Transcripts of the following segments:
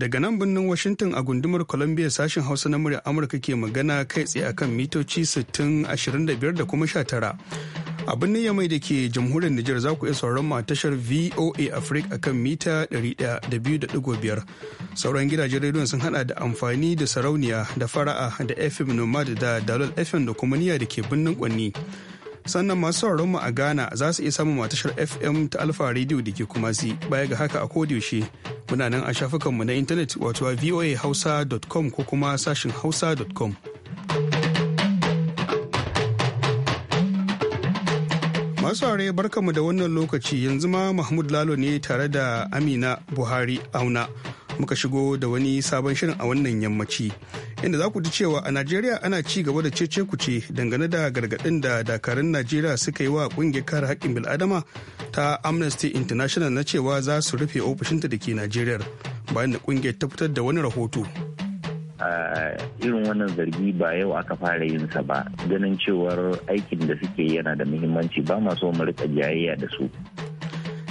Daga nan birnin Washington a gundumar Columbia sashen Hausa na murya Amurka ke magana kai tsaye akan mitoci 6025 da kuma 19. A birnin Yamai da ke jamhuriyar Nijar za ku iya sauran mu a tashar VOA Africa akan mita 100.5. Sauran gidajen rediyon sun hada da amfani da sarauniya da fara'a da FM Nomad da Dalol FM da kuma niya da ke birnin Kwanni. sannan masu sauraron mu a Ghana za su iya samun matashar FM ta Alfa Radio da ke kuma si baya ga haka a yaushe muna nan a shafukanmu na intanet wato voahausa.com ko kuma sashin hausa.com. Masu are barkamu da wannan lokaci yanzu ma Mahmud Lalo ne tare da Amina Buhari Auna. Muka shigo da wani sabon shirin a wannan yammaci. Inda za ku ji cewa a Najeriya ana ci gaba da cece kuce dangane da gargaɗin da dakarun Najeriya suka yi wa ƙungiyar kare haƙƙin bil'adama ta Amnesty International na cewa za su rufe ofishinta da ke Najeriya bayan da ƙungiyar ta fitar da wani rahoto. irin wannan zargi ba yau aka fara yin sa ba ganin cewar aikin da suke yana da muhimmanci ba masu wani rika jayayya da su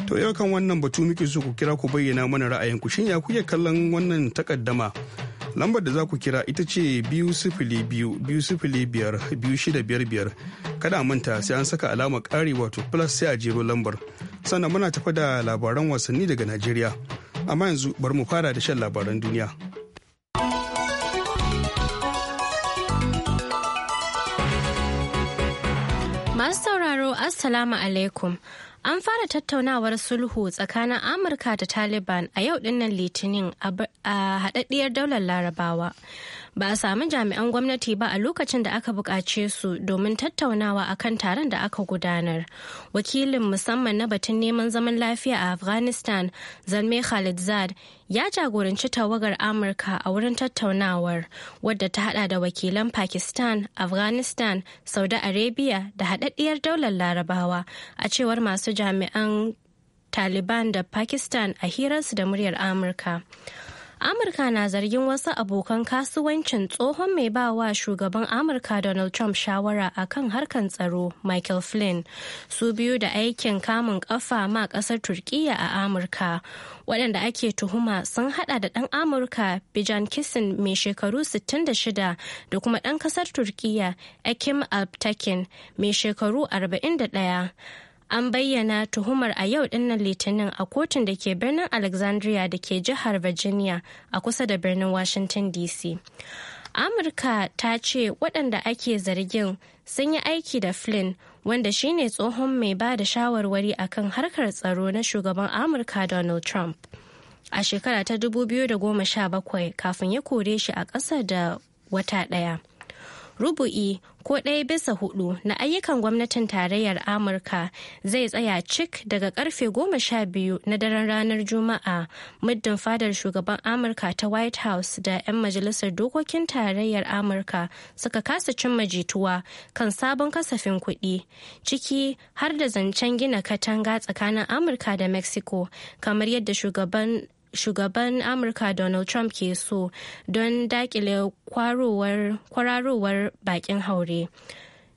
to yau kan wannan batu muke so ku kira ku bayyana mana ra'ayinku shin ya kuke kallon wannan takaddama lambar da za ku kira ita ce biyu sifili biyu biyu sifili biyar biyu shida biyar kada a manta sai an saka alama ƙari wato plus sai a jero lambar sannan muna tafa da labaran wasanni daga najeriya amma yanzu bari mu fara da shan labaran duniya. sauraro Assalamu alaikum. An fara tattaunawar sulhu tsakanin Amurka da Taliban a yau dinnan Litinin a haɗaɗɗiyar daular Larabawa. ba a sami jami'an gwamnati ba a lokacin da aka buƙace su domin tattaunawa a kan taron da aka gudanar wakilin musamman na batun neman zaman lafiya a afghanistan zalme khalidzad ya jagoranci tawagar amurka a wurin tattaunawar wadda ta hada da wakilan pakistan afghanistan saudi arabia da haɗaɗɗiyar daular larabawa a cewar masu jami'an taliban da pakistan a hirarsu da muryar amurka amurka na zargin wasu abokan kasuwancin tsohon mai ba wa shugaban amurka donald trump shawara a kan harkan tsaro michael flynn su biyu da aikin kamun kafa ma ƙasar Turkiyya a amurka waɗanda ake tuhuma sun haɗa da ɗan amurka bijan kisin mai shekaru 66 da kuma ɗan ƙasar Turkiyya, akim alptakin mai shekaru 41 an bayyana tuhumar a yau dinnan litinin a kotun da ke birnin alexandria da ke jihar virginia a kusa da birnin washington dc amurka ta ce waɗanda ake zargin sun yi aiki da flynn wanda shine tsohon mai ba da shawarwari akan harkar tsaro na shugaban amurka donald trump a shekara ta 2017 kafin ya kore shi a ƙasa da wata ɗaya rubu'i ko ɗaya bisa hudu na ayyukan gwamnatin tarayyar amurka zai tsaya cik daga karfe goma sha biyu na daren ranar juma'a muddin fadar shugaban amurka ta white house da 'yan majalisar dokokin tarayyar amurka suka kasa cimma jituwa kan sabon kasafin kuɗi ciki har da zancen gina katanga tsakanin amurka da mexico kamar yadda shugaban shugaban amurka donald trump ke so don dakile kwararowar bakin haure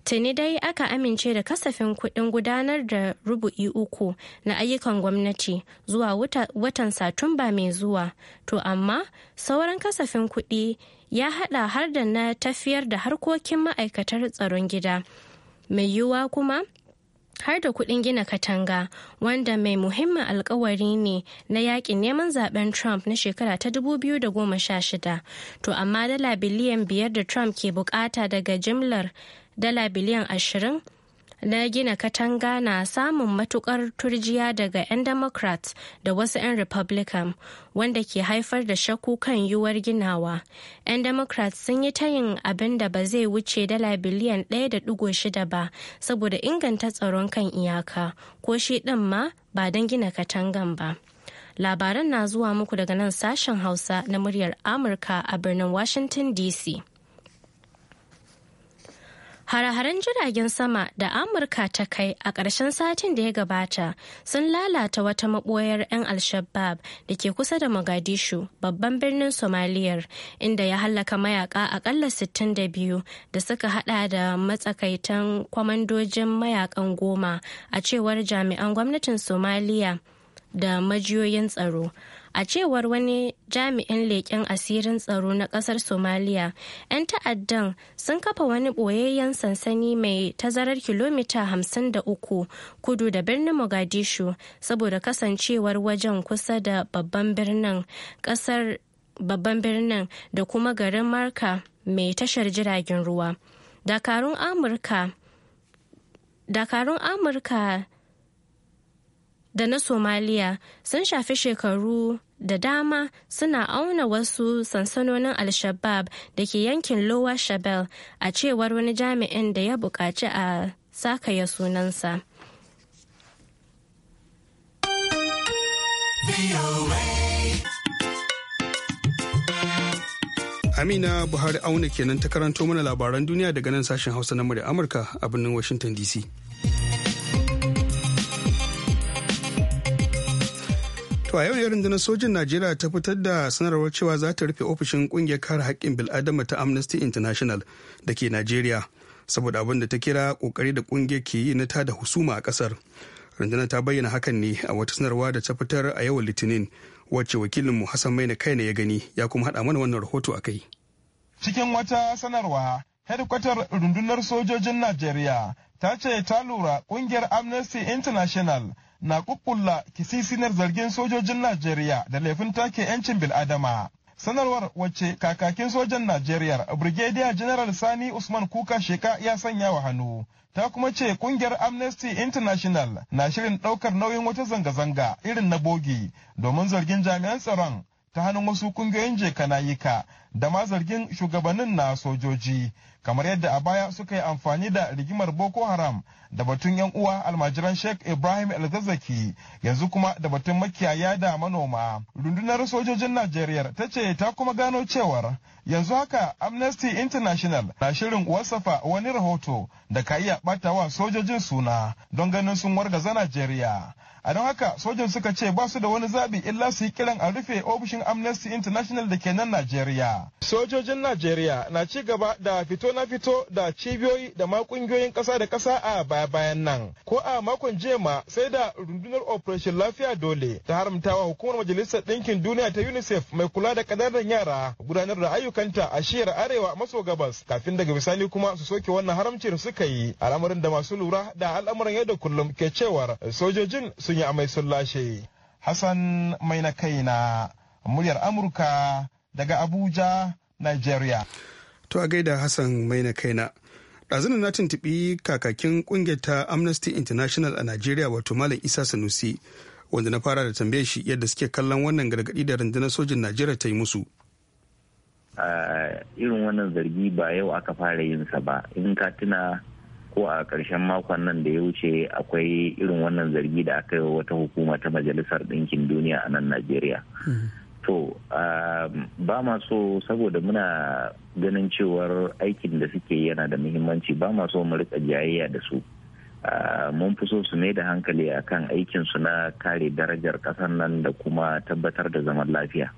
tuni dai aka amince da kasafin kuɗin gudanar da rubu'i uku na ayyukan gwamnati zuwa watan satumba mai zuwa to amma sauran kasafin kuɗi ya hada har da na tafiyar da harkokin ma'aikatar tsaron gida mai yiwuwa kuma har da kuɗin gina katanga wanda mai muhimmin alkawari ne na yakin neman zaben trump na shekara ta 2016 to amma dala biliyan biyar da trump ke bukata daga jimlar dala biliyan ashirin na gina katanga na samun matukar turjiya daga 'yan democrats da wasu 'yan republican wanda ke haifar da shakku kan yiwuwar ginawa 'yan democrats sun yi tayin abin da ba zai wuce dala biliyan 1.6 ba saboda inganta tsaron kan iyaka ko shi ɗin ma ba don gina katangan ba labaran na zuwa muku daga nan sashen hausa na muryar amurka a birnin washington dc Hare-haren jiragen sama da Amurka ta kai a ƙarshen satin da ya gabata sun lalata wata maɓoyar 'yan Al-Shabaab da ke kusa da Mogadishu, babban birnin Somaliyar, inda ya hallaka mayaka aƙalla 62 da suka hada da matsakaitan kwamandojin mayakan goma a cewar jami'an gwamnatin Somaliya da majiyoyin tsaro. a cewar wani jami'in leƙen asirin tsaro na ƙasar somaliya 'yan ta'addan sun kafa wani ɓoyayyen sansani mai tazarar kilomita hamsin da uku kudu da birnin mogadishu saboda kasancewar wajen kusa da babban birnin ƙasar babban birnin da kuma garin marka mai tashar jiragen ruwa dakarun amurka dakarun amurka da na somaliya sun shafi shekaru da dama suna auna wasu sansanonin alshabab da ke yankin lower shabelle a cewar wani jami'in da ya buƙaci a sakaya sunansa Amina Buhari auna kenan ta karanto mana labaran duniya daga nan sashen Hausa na murya Amurka a birnin Washington DC. To a yau ne rundunar sojin Najeriya ta fitar da sanarwar cewa za ta rufe ofishin kungiyar kare haƙƙin bil'adama ta Amnesty International da ke Najeriya saboda abin da ta kira ƙoƙari da kungiyar ke yi na ta da husuma a ƙasar. Rundunar ta bayyana hakan ne a wata sanarwa da ta fitar a yau Litinin wacce wakilin mu Hassan Maina kai ne ya gani ya kuma haɗa mana wannan rahoto a kai. Cikin wata sanarwa, hedkwatar rundunar sojojin Najeriya ta ce ta lura kungiyar Amnesty International na kukkulla kisisinar zargin sojojin Najeriya da laifin take 'yancin bil'adama. Sanarwar wacce kakakin sojan Najeriya Brigadier General Sani Usman Kuka Sheka ya sanya wa hannu. Ta kuma ce kungiyar Amnesty International na shirin ɗaukar nauyin wata zanga-zanga irin na bogi domin zargin jami'an tsaron ta hannun wasu kungiyoyin jekanayika da ma zargin shugabannin na sojoji kamar yadda a baya suka yi amfani da rigimar boko haram da batun yan uwa almajiran sheikh ibrahim elgazaki yanzu kuma da batun makiyaya da manoma rundunar sojojin najeriya ta ce ta kuma gano cewar yanzu haka amnesty international na shirin wasafa wani rahoto da ka iya batawa sojojin suna don ganin sun wargaza najeriya a don haka sojan suka ce ba su da wani zabi illa su yi kiran a rufe ofishin amnesty international da ke nan najeriya sojojin najeriya na ci gaba da fito na fito da cibiyoyi da ma kungiyoyin kasa da kasa a baya bayan nan ko a makon jema sai da rundunar operation lafiya dole ta haramtawa hukumar majalisar ɗinkin duniya ta unicef mai kula da kadarar yara gudanar da ayyukanta a shiyar arewa maso gabas kafin daga bisani kuma su soke wannan haramcin suka yi al'amarin da masu lura da al'amuran yadda da kullum ke cewar sojojin su sun yi amai sun lashe. Hassan mai na kaina muryar Amurka daga Abuja, Nigeria. To a gaida Hassan mai na kaina. ɗazunan na tuntuɓi kakakin ƙungiyar ta Amnesty International a Najeriya wato Malam Isa Sanusi wanda na fara da tambaye shi yadda suke kallon wannan gargaɗi da rundunar sojin Najeriya ta yi musu. Ah, irin wannan zargi ba yau aka fara yin sa ba in ka tuna ko a ƙarshen makon nan da ya wuce akwai irin wannan zargi da aka yi wata hukuma ta majalisar ɗinkin duniya a nan najeriya mm-hmm. to um, ba ma so saboda muna ganin cewar aikin da suke yana da muhimmanci ba ma so mu rika jayayya da su uh, mun fi so su mai da hankali a kan aikinsu na kare darajar ƙasar nan da kuma tabbatar da zaman lafiya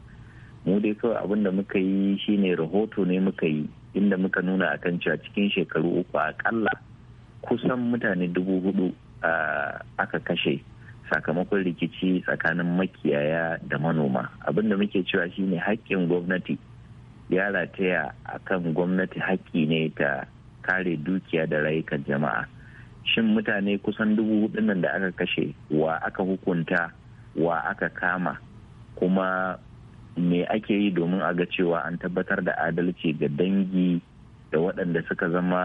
mu dai kawai abin da muka yi shine rahoto ne muka yi inda muka nuna akan cewa cikin shekaru uku akalla kusan mutane dubu hudu aka kashe sakamakon rikici tsakanin makiyaya da manoma abin da muke cewa shine haƙƙin gwamnati ya rataya a kan gwamnati haƙƙi ne ta kare dukiya da rayukan jama'a shin mutane kusan dubu hudu nan da aka kashe wa aka hukunta wa aka kama kuma me ake yi domin a ga cewa an tabbatar da adalci ga dangi da waɗanda suka zama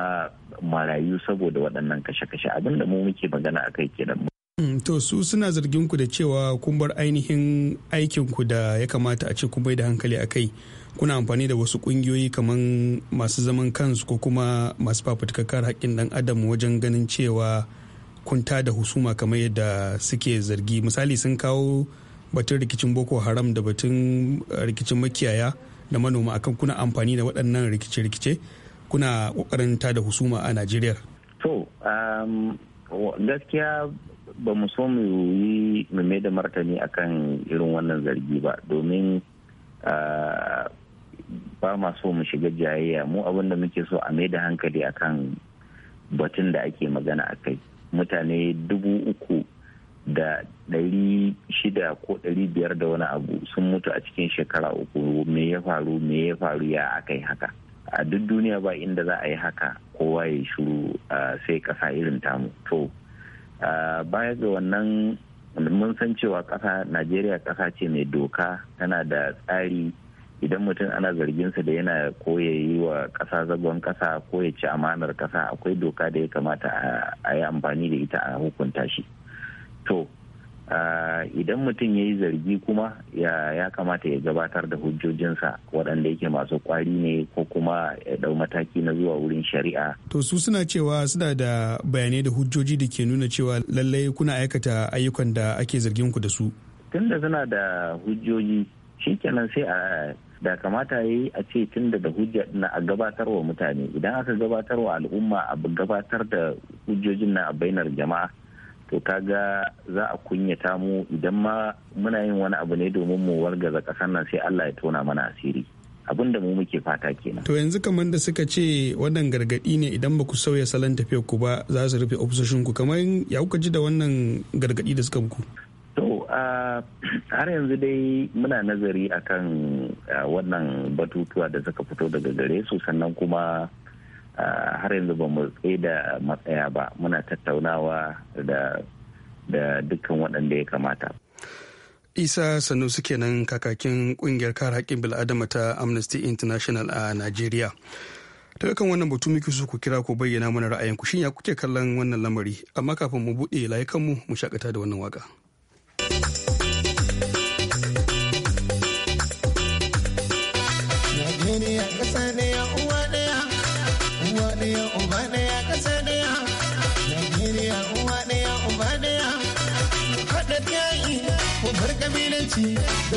marayu saboda waɗannan kashe-kashe abinda mu muke magana a kai kenan. Hmm, to su suna zargin ku da cewa kun bar ainihin aikin ku da ya kamata a ce kun bai da hankali a kai kuna amfani da wasu kungiyoyi kamar masu zaman kansu ko kuma masu fafutukar kare haƙƙin ɗan adam wajen ganin cewa kun da husuma kamar yadda suke zargi misali sun kawo batun rikicin boko haram da batun rikicin makiyaya da manoma akan kuna amfani da waɗannan rikice-rikice kuna kokarin ta da husuma a najeriya to um, gaskiya ba mu so mu yi mu mai da martani akan irin wannan zargi ba domin uh, ba ma so mu shiga jayayya mu abin da muke so a mai da hankali akan batun da ake magana a kai mutane dubu uku da ɗari shida ko ɗari biyar da wani abu sun mutu a cikin shekara uku me ya faru me ya faru ya akai haka a duk duniya ba inda za a yi haka kowa ya shuru sai ƙasa irin tamu to baya ga wannan mun san cewa ƙasa najeriya ƙasa ce mai doka tana da tsari idan mutum ana zarginsa da yana ko yi wa ƙasa zagon ƙasa ko ya ci amanar ƙasa akwai doka da ya kamata a yi amfani da ita a hukunta shi to Eh, idan mutum ya yi zargi kuma ya kamata ya gabatar da hujjojinsa waɗanda yake masu kwari ne ko kuma ya ɗau mataki na zuwa wurin shari'a. To su suna cewa suna da bayanai da hujjoji da ke nuna cewa lallai kuna aikata ayyukan da ake zargin ku da su. Tunda suna da hujjoji shikenan sai a da kamata ya yi a ce tun da hujja na a gabatar wa mutane idan aka gabatar wa al'umma a gabatar da hujjojin na a bainar jama'a to kaga za a kunyata mu idan ma muna yin wani abu ne domin mu wargaza kasan nan sai Allah ya tona mana asiri abin da mu muke fata kenan to yanzu kamar da suka ce wannan gargadi ne idan ba ku sauya salon tafiyar ku ba za su rufe ofisoshin ku kamar ya kuka ji da wannan gargadi da suka muku to har yanzu dai muna nazari akan wannan batutuwa da suka fito daga gare su sannan kuma har yanzu ba mu tsaye da matsaya ba muna tattaunawa da da dukkan waɗanda ya kamata. isa sanusi kenan kakakin kungiyar kare haƙƙin bil'adama ta amnesty international a nigeria ta kan wannan batu muke su ku kira ku bayyana mana ra'ayinku shin ya kuke kallon wannan lamari amma kafin mu buɗe layukanmu mu shakata da wannan waka.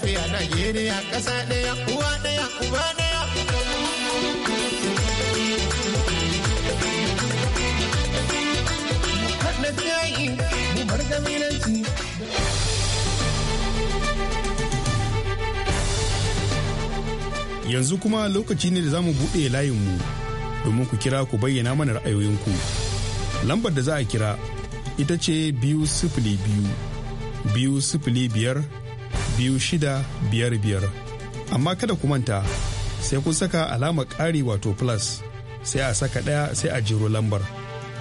lafiya Najeriya ƙasa ɗaya uwa ɗaya uba ɗaya. Yanzu kuma lokaci ne da za mu buɗe layinmu domin ku kira ku bayyana mana ra'ayoyinku. Lambar da za a kira ita ce biyu sifili biyu biyu sifili biyar biyar amma kada ku manta sai kun saka alama ƙari wato plus sai a saka ɗaya sai a jiro lambar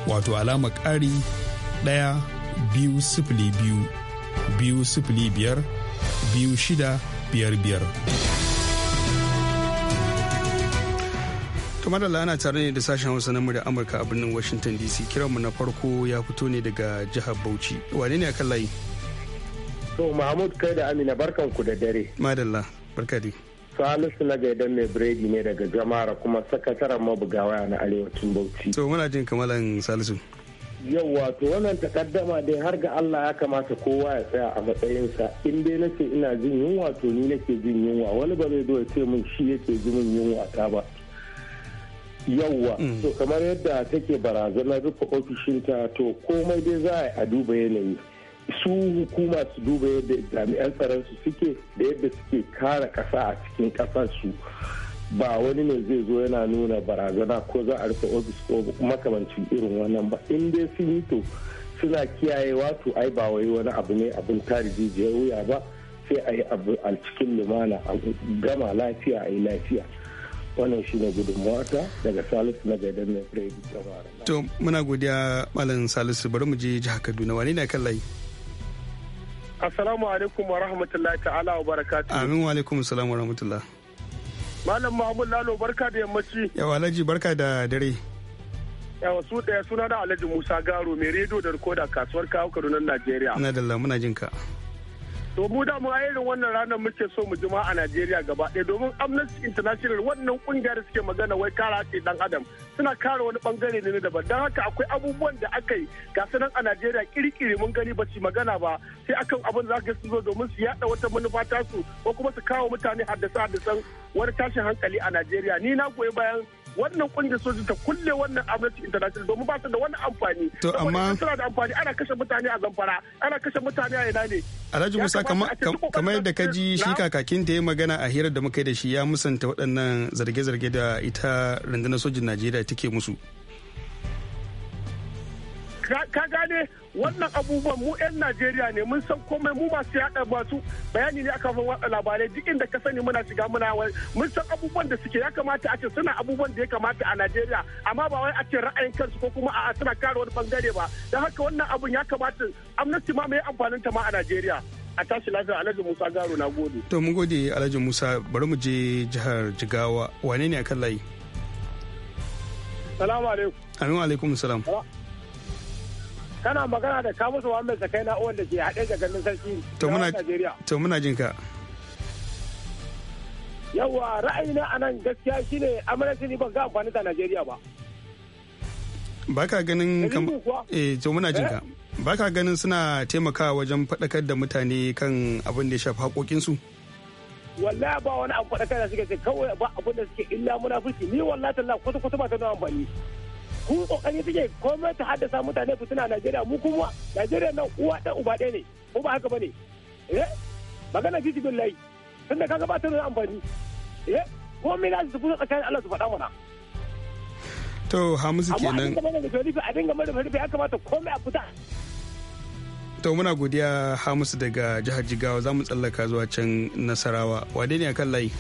wato alama ƙari ɗaya biyu sifili biyu biyu sifili biyar biyu shida biyar biyar. kamar da ana tare ne da sashen hausa na murya amurka a birnin washington dc kiranmu na farko ya fito ne daga jihar bauchi wane ne akan layi So Mahmud kai da Amina barkan ku da dare. Madalla barka di. Salisu na gaidan mai biredi ne daga zamara kuma sakataren mabugawa na Arewacin Bauchi. To muna jin kamalan Salisu. yau wato wannan takaddama dai har ga Allah ya kamata kowa ya tsaya a matsayinsa in dai nace ina jin yunwa to ni nake jin yunwa wani ba zai ya ce min shi yake ji min yunwa ta ba yauwa mm. to kamar yadda take barazanar rufe ofishinta to komai dai za a a duba yanayi su hukuma su duba yadda jami'an tsaron su suke da yadda suke kare kasa a cikin kasar su ba wani ne zai zo yana nuna barazana ko za a rufe ofis ko makamancin irin wannan ba in dai sun yi to suna kiyayewa to ai ba wai wani abu ne abin tarihi ya wuya ba sai a yi abu a cikin lumana a gama lafiya a yi lafiya wannan shi ne gudunmawata daga salisu na gaidan na jama'a to muna godiya malam salisu bari mu je jihar kaduna wani ne kan layi Assalamu alaikum wa rahmatullahi ta'ala wa barakatuhu. Amin wa alaikum salam wa rahmatullah. Malam Mahmud Lalo barka da yammaci. Yawa Alhaji barka da dare. Yawa su daya suna da Alhaji Musa Garo mai rediyo da rikoda kasuwar kawo Kaduna Najeriya. Ina da muna jin ka. to mu da mu irin wannan ranar muke so mu jima a Najeriya gaba ɗaya domin Amnesty International wannan kungiyar da suke magana wai kara ce dan adam suna kara wani bangare ne daban dan haka akwai abubuwan da aka yi ga sanan a Najeriya kirkiri mun gani ba ci magana ba sai akan abin da zaka su zo domin su yada wata manufa ta su ko kuma su kawo mutane haddasa haddasan wani tashin hankali a Najeriya ni na goyi bayan wannan kungiyar soji ta kulle wannan amnesty international domin ba su da wani amfani to amma suna da amfani ana kashe mutane a zamfara ana kashe mutane a ina ne alhaji musa kamar yadda ka ji shi kakakin da ya magana a hirar da muka yi da shi ya musanta waɗannan zarge-zarge da ita rundunar sojin najeriya take musu ka gane wannan abubuwan mu 'yan najeriya ne mun san komai mu masu yada masu bayani ne aka watsa labarai duk inda ka sani muna shiga muna wani mun san abubuwan da suke ya kamata a ce suna abubuwan da ya kamata a najeriya amma ba wai a ce ra'ayin kansu ko kuma a suna kare wani bangare ba don haka wannan abun ya kamata amnesty ma mai amfanin ta ma a najeriya a tashi lafiya alhaji musa garo na gode to mun gode alhaji musa bari mu je jihar jigawa wane ne akan layi salamu alaikum alaikum salam kana magana da kamusu sakai na'uwan da ke haɗe da ganin sarki to muna to muna jin ka yawa ra'ayina a nan gaskiya shine amurka ne ban ga amfani da Najeriya ba ba ka ganin eh to muna jin ka eh? ba ka ganin suna taimakawa wajen faɗakar da mutane kan abin da ya shafi haƙoƙinsu? wallahi ba wani abu faɗakar da suke ce kawai ba abin da suke illa munafurci ni wallahi talla kwata kwata ba ta nuna amfani kun kokari suke komai ta haddasa mutane suna Najeriya mu kuma Najeriya nan uwa da uba ɗaya ne ko ba haka bane eh magana ji jibin layi tunda kaga ba ta da amfani eh komai na su fito tsakanin Allah su faɗa mana to Hamisu kenan a dinga da rufe ya kamata komai a fita to muna godiya Hamisu daga jihar Jigawa za mu tsallaka zuwa can Nasarawa wade ne akan layi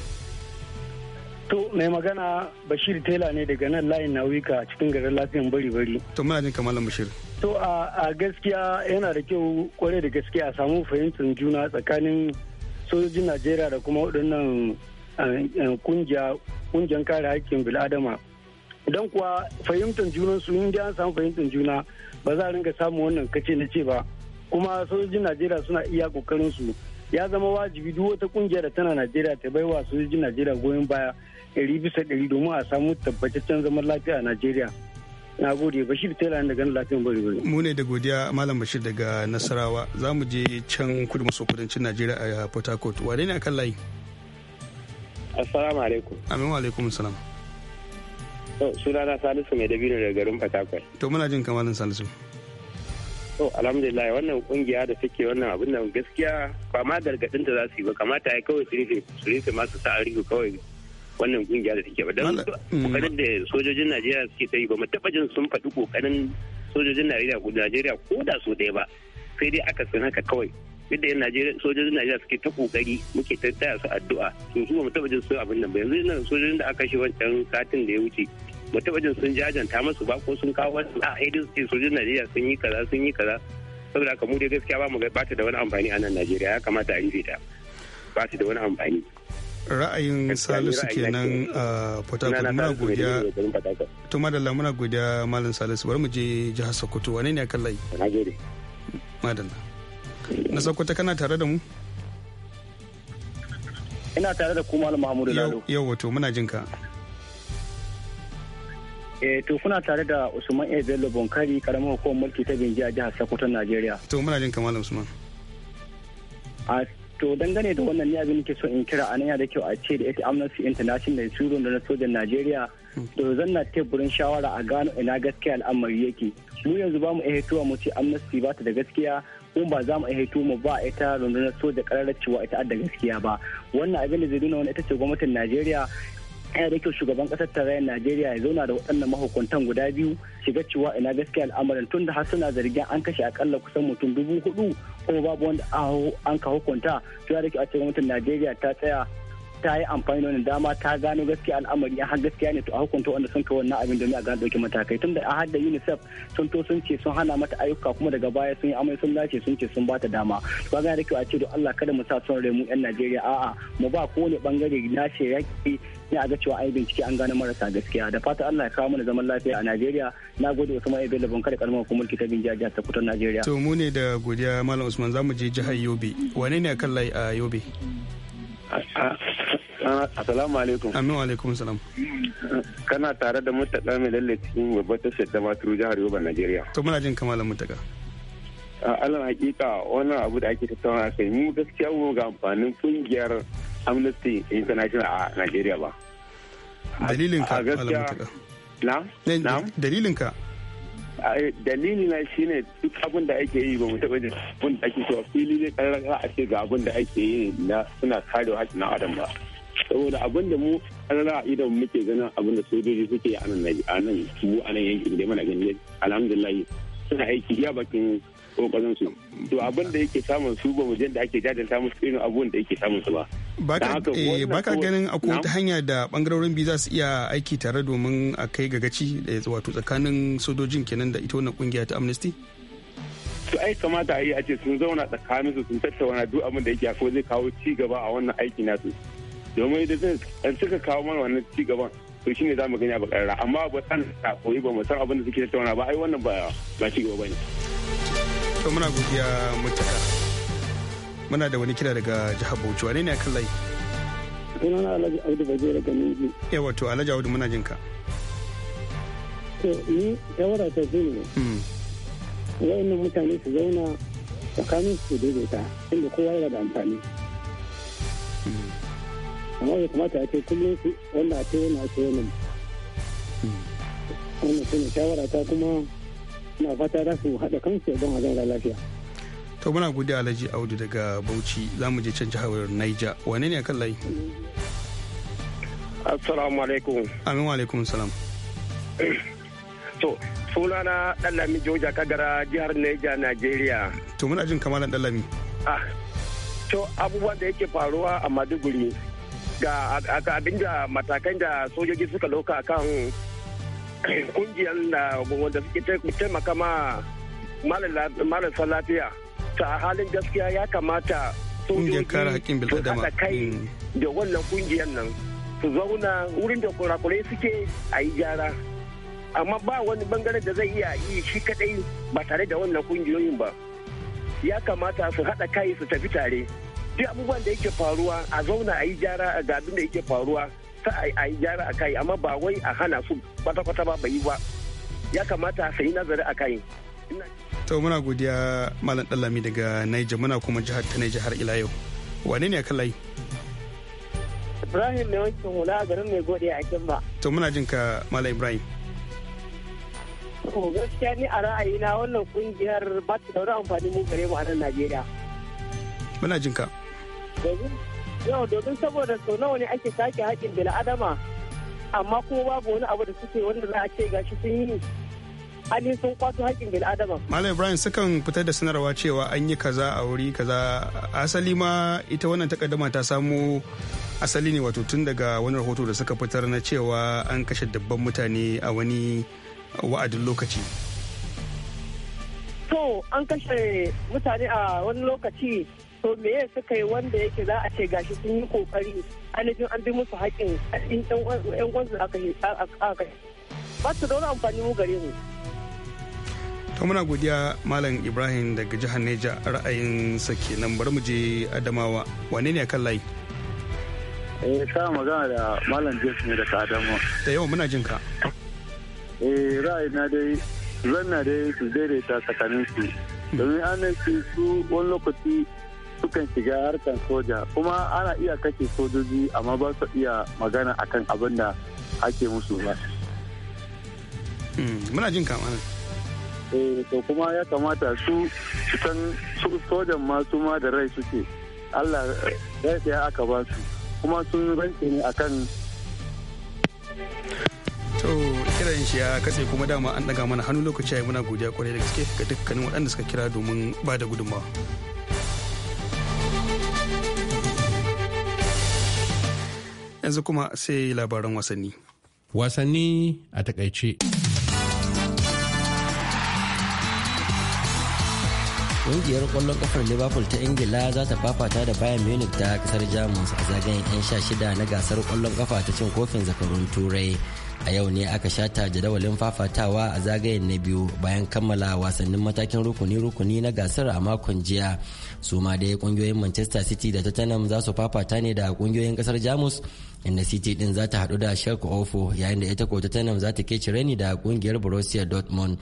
To mai magana Bashir Tela ne daga nan layin Nawika cikin garin lafiyan bari-bari. To muna jin kamar Bashir. To a gaskiya yana da kyau kwarai da gaskiya a samu fahimtar juna tsakanin sojojin Najeriya da kuma waɗannan kungiyar kare haƙƙin bil'adama. Don kuwa fahimtar junan su inda an samu fahimtar juna ba za a ringa samun wannan kace na ce ba. Kuma sojojin Najeriya suna iya ƙoƙarin su. Ya zama wajibi duk wata kungiya da tana Najeriya ta baiwa sojojin Najeriya goyon baya ɗari bisa ɗari domin a samu tabbataccen zaman lafiya a Najeriya. Na gode Bashir Tela ganin lafiyan bari bari. Mu ne da godiya Malam Bashir daga Nasarawa za mu je can kudu maso kudancin Najeriya a Port Harcourt. Wane ne akan layi? Assalamu alaikum. Amin wa alaikum salam. Sunana Salisu mai dabino daga garin Port Harcourt. To muna jin kamalin Salisu. to alhamdulillah wannan kungiya da suke wannan abin nan gaskiya ba ma gargadin da za su yi ba kamata ya kawai su rufe su rufe masu sa a kawai wannan kungiya da take ba don kokarin da sojojin najeriya suke ta yi ba mu taɓa jin sun faɗi kokarin sojojin najeriya ko da su ɗaya ba sai dai aka sun haka kawai yadda yan najeriya sojojin najeriya suke ta kokari muke ta taya su addu'a sun su ba mu taɓa jin sun abin nan ba yanzu nan sojojin da aka shi wancan satin da ya wuce mu taɓa jin sun jajanta masu ba ko sun kawo wasu a idan su sojojin najeriya sun yi kaza sun yi kaza saboda haka mu dai gaskiya ba mu ga ba ta da wani amfani a nan najeriya ya kamata a rufe ta ba ta da wani amfani ra'ayin salisu kenan uh, a fatakwal muna godiya tuma da muna godiya malam salisu bari mu je jihar sokoto wane ne kan layi madalla na sokoto kana tare da mu ina tare da kuma mahmudu lalo yau wato muna jin ka eh to kuna tare da usman a bello bonkari karamin hukumar mulki ta binji jihar sokoto najeriya to muna jin ka malam usman to dangane da wannan ne abin ke so in kira a nan da kyau a ce da ita amnesty international su na sojan najeriya da zanna teburin shawara a gano ina gaskiya al'amari yake mu yanzu ba mu iya hituwa mu ce amnesty ba ta da gaskiya kuma ba za mu iya hito mu ba ita rundunar soja kararar cewa ita da gaskiya ba wannan abin da zai nuna wani ita ce gwamnatin najeriya yana da kyau shugaban kasar tarayyar najeriya ya zauna da waɗannan mahukuntan guda biyu shiga cewa ina gaskiya al'amarin tun da har zargin an kashe akalla kusan mutum dubu hudu kuma babu wanda an ka hukunta to ya da kyau a cikin gwamnatin najeriya ta tsaya ta yi amfani da dama ta gano gaskiya al'amari a har gaskiya ne to a hukunta wanda sun kai wannan abin da a gano dauki matakai tun da a har da UNICEF sun to sun ce sun hana mata ayyuka kuma daga baya sun yi amai sun lace sun ce sun bata dama to ga da kyau a ce do Allah kada mu sa son remu yan Najeriya a'a mu ba kowane bangare lashe yaki ne a ga cewa ai bincike an gano marasa gaskiya da fatan Allah ya kawo mana zaman lafiya a Najeriya na gode Usman Ibn ban kada kalmar hukumar ta bin jaja ta kutar Najeriya to mu ne da godiya Malam Usman zamu je jihar Yobe wane ne akan lai a Yobe Assalamu alaikum. Amin wa alaikum salam. Kana tare da mutaka mai lalle cikin babbar tashar da maturu jihar Yoruba Najeriya. To muna jin kamalan mutaka. Alal hakika wannan abu da ake tattauna kai mu gaskiya mu ga amfanin kungiyar Amnesty International a Najeriya ba. Dalilinka ka mutaka. Eh, Na? Dalilin ka. dalili na ne duk abin da ake yi ba mu taɓa jin abin da ake cewa fili ne karara a ce ga abin da ake yi na suna kare na adam ba saboda abin da mu karara a idan muke ganin abin da sojoji suke a nan a nan mu a nan yankin da mana gani alhamdulilayi suna aiki ya bakin ƙoƙarin su to abin da yake samun su ba mu da ake jajanta musu irin abun da yake samun su ba baka eh, ganin akwai wata hanya da bangarorin biyu za su iya aiki tare domin a kai gagaci da ya wato tsakanin sojojin kenan da ita wannan kungiya ta amnesty su ai kamata a yi a ce sun zauna tsakanin su sun tattauna duk abin da yake ko zai kawo ci gaba a wannan aiki su domin da zai an suka kawo mana wannan ci gaban to shine za mu gani a bakarra amma ba san koyi ba mu san abin da suke tattauna ba ai wannan ba ba ci gaba bane to muna godiya mutaka muna da wani kira daga jihar bauchi wane ne kan layi sunana alhaji audu baje daga ninji eh wato alhaji audu muna jinka to ni shawara ta zuwa ne hmm. wayannan mutane su zauna tsakanin su daidaita inda kowa yana da amfani hmm. amma ya kamata a ce kullum su wanda a ce yana ce hmm. wannan shine shawara ta kuma na fata za su haɗa kansu don a zauna lafiya to muna gode alhaji audu daga bauchi za mu je can jihar niger wane ne kan layi assalamu alaikum amin wa alaikum salam to sunana dallami joja kagara jihar niger nigeria to muna jin kamalan dallami ah to abubuwan da yake faruwa a maduguri ga abin da matakan da sojoji suka loka kan kungiyar da wanda suke taimaka ma marasa lafiya ta halin gaskiya ya kamata kungiyar kare hakkin kai mm. da wannan kungiyar nan su zauna wurin da kurakurai suke a yi gyara amma ba wani bangare da zai iya yi shi kadai ba tare da wannan kungiyoyin ba ya kamata su haɗa kai su tafi tare duk abubuwan da yake faruwa a zauna a yi gyara a gabin da yake faruwa ta a yi gyara a kai amma ba wai a hana su kwata-kwata ba bai yi ba ya kamata su yi nazari a kai to muna godiya malam dalami daga naija muna kuma jihar ta naija har ila yau wane ne kan layi ibrahim ne wankin hula garin mai gode a kimba to muna jin ka malam ibrahim to gaskiya ni a ra'ayina wannan kungiyar ba ta daura amfani mu gare mu a nan najeriya muna jin ka yau domin saboda sau nawa ne ake sake haƙin bil'adama amma kuma babu wani abu da suke wanda za a ce gashi sun yi hali sun kwato haƙƙin adama. Malam Ibrahim sukan fitar da sanarwa cewa an yi kaza a wuri kaza asali ma ita wannan takaddama ta samo asali ne wato tun daga wani rahoto da suka fitar na cewa an kashe dabban mutane a wani wa'adin lokaci. To an kashe mutane a wani lokaci to me ya suka yi wanda yake za a ce gashi sun yi kokari ainihin an bi musu haƙƙin ƴan gwanzu aka yi Ba su da wani amfani mu gare mu. to muna godiya malam ibrahim daga jihar neja ra'ayin sake nan bari mu je adamawa wane ne kan layi eh sa magana da malam jesu ne daga adamawa da yawa muna jin ka eh na dai zanna dai su daidaita tsakanin su domin an su wani lokaci sukan shiga harkar soja kuma ana iya kake sojoji amma ba su iya magana akan abin da ake musu ba. Hmm, muna jin kamar. Eh, to kuma ya kamata su san sojan ma su ma da rai suke allah eh, ya ya aka ba su kuma sun rance ne akan to kiran shi ya katse kuma dama an daga mana hannu lokaci ya muna godiya kwarai da gaske ga dukkanin waɗanda suka kira domin ba da gudunmawa yanzu kuma sai labaran wasanni wasanni a takaice kungiyar kwallon kafar Liverpool ta Ingila za ta fafata da Bayern Munich ta kasar Jamus a zagayen 'yan sha shida na gasar kwallon kafa ta cin kofin zakarun Turai. A yau ne aka shata jadawalin fafatawa a zagayen na biyu bayan kammala wasannin matakin rukuni-rukuni na gasar a makon jiya. Su ma dai kungiyoyin Manchester City da Tottenham za su fafata ne da kungiyoyin kasar Jamus inda city din za ta hadu da shark ofo yayin da ita ko tottenham za ta keci da kungiyar borussia dortmund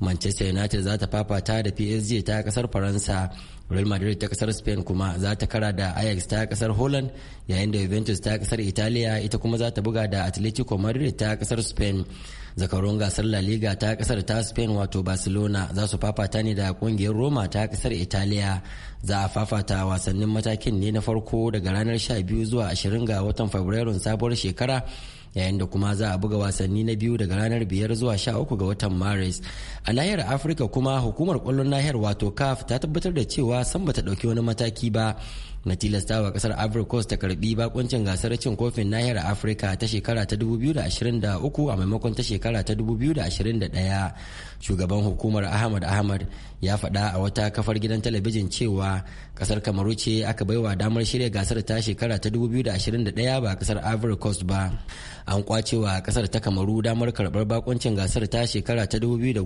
manchester united za ta fafata da psg ta kasar faransa real madrid ta kasar spain kuma za ta kara da ajax ta kasar holland yayin da juventus ta kasar italiya ita kuma za ta buga da atletico madrid ta kasar spain zakarun gasar la liga ta kasar ta spain wato barcelona za su fafata ne da kungiyar roma ta kasar italiya za a fafata wasannin matakin ne na farko daga ranar 12 zuwa 20 ga watan fabrairun sabuwar shekara yayin da kuma za a buga wasanni na biyu daga ranar biyar zuwa sha uku ga watan maris a nahiyar afirka kuma hukumar kwallon nahiyar wato caf ta tabbatar da cewa san bata dauki wani mataki ba na tilasta tilastawa kasar Ivory Coast ta karbi bakuncin gasar cin kofin nahiyar Afirka ta shekara ta 2023 a maimakon ta shekara ta 2021. Shugaban hukumar Ahmad Ahmad ya faɗa a wata kafar gidan talabijin cewa kasar Kamaru ce aka baiwa damar shirya gasar ta shekara ta 2021 ba kasar Ivory Coast ba. An kwacewa kasar ta Kamaru damar karbar bakuncin gasar ta shekara ta 2019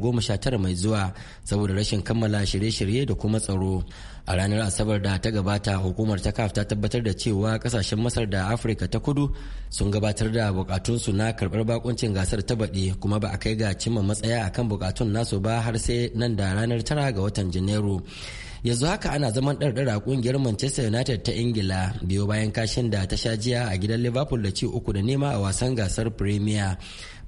mai zuwa saboda rashin kammala shirye-shirye da kuma tsaro. a ranar asabar da ta gabata hukumar ta kaf ta tabbatar da cewa kasashen masar da afirka ta kudu sun gabatar da bukatunsu na karbar bakuncin gasar ta baɗi kuma ba a kai ga cimma matsaya akan bukatun nasu ba har sai nan da ranar tara ga watan janairu yanzu haka ana zaman ɗarɗara ƙungiyar manchester united ta ingila biyo bayan kashin da ta sha jiya a gidan liverpool da ci uku da nema a wasan gasar premier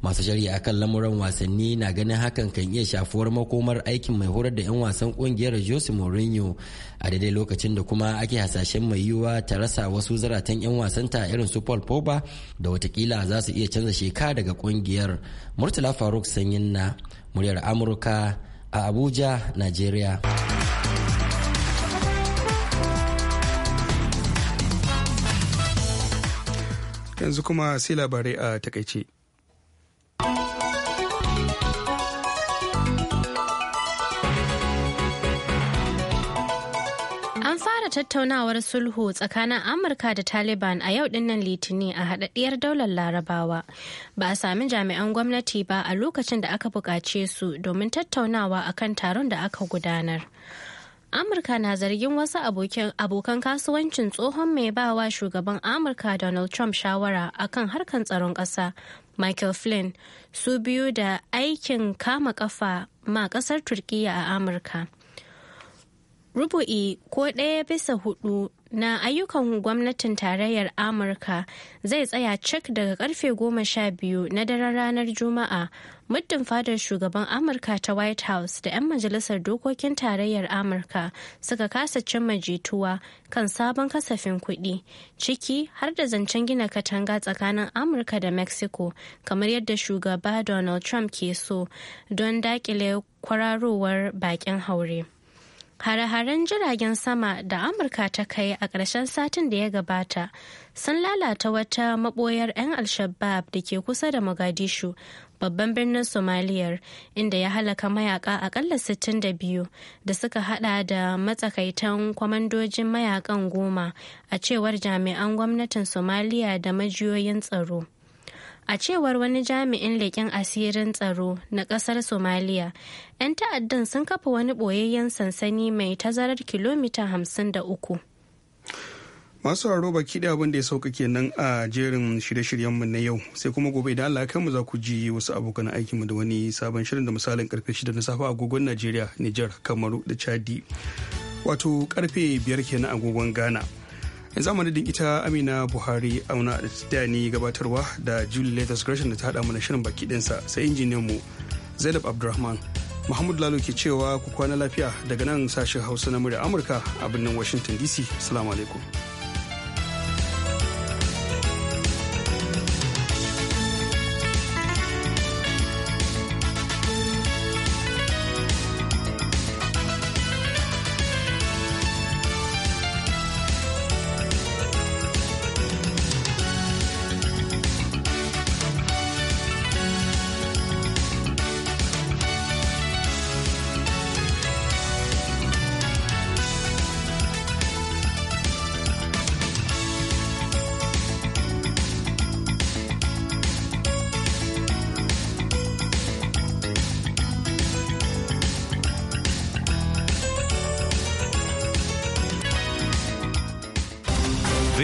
masu shari'a akan lamuran wasanni na ganin hakan kan iya shafuwar makomar aikin mai horar da 'yan wasan kungiyar jose mourinho a daidai lokacin da kuma ake hasashen mai yiwuwa ta rasa wasu zaratan 'yan wasanta irin su paul pogba da watakila za su iya canza sheka daga kungiyar murtala faruk sanyin na muryar amurka a abuja nigeria yanzu kuma sai labarai a takaice An fara tattaunawar sulhu tsakanin Amurka da Taliban a yau dinnan Litinin a haɗaɗɗiyar daular Larabawa. Ba a sami jami'an gwamnati ba a lokacin da aka buƙace su domin tattaunawa akan taron da aka gudanar. Amurka na zargin wasu abokan kasuwancin tsohon mai bawa shugaban Amurka Donald Trump shawara akan harkan tsaron ƙasa Michael Flynn su biyu da aikin kama kafa ma kasar Turkiyya a Amurka. Rubu'i ko ɗaya bisa hudu na ayyukan gwamnatin tarayyar Amurka zai tsaya cik daga karfe goma sha biyu na daren ranar Juma'a muddin fadar shugaban Amurka ta White House da 'yan majalisar dokokin tarayyar Amurka suka kasa cimma jituwa kan sabon kasafin kuɗi ciki har da zancen gina katanga tsakanin Amurka da Mexico kamar yadda shugaba Donald Trump ke so don dakile kwararowar bakin haure. hare-haren jiragen sama da amurka ta kai a ƙarshen satin da ya gabata sun lalata wata maboyar 'yan al-shabab da ke kusa da mogadishu babban birnin somaliyar inda ya halaka mayaka akalla 62 da suka hada da matsakaitan kwamandojin mayakan goma a cewar jami'an gwamnatin somaliya da majiyoyin tsaro A cewar wani jami'in leƙen asirin tsaro na ƙasar Somaliya, 'yan ta'addan sun kafa wani ɓoyayyen sansani mai tazarar kilomita hamsin da uku. masu haro baki da abin ya sauka kenan a jerin shirye-shiryenmu na yau sai kuma gobe idan Allah kanmu za ku ji wasu abokan aikinmu da wani sabon shirin da misalin karfe 6 na safe agogon Najeriya, Nijar, Kamaru da Chadi. Wato karfe 5 kenan agogon Ghana. yanzu da ita amina buhari auna da ni gabatarwa da julie latest gresham da ta hada mana shirin baki dinsa sai injiniyan mu zainab abdulrahman muhammadu lalo ke cewa ku kwana lafiya daga nan sashen hausa na murya amurka a birnin washington dc salamu alaikum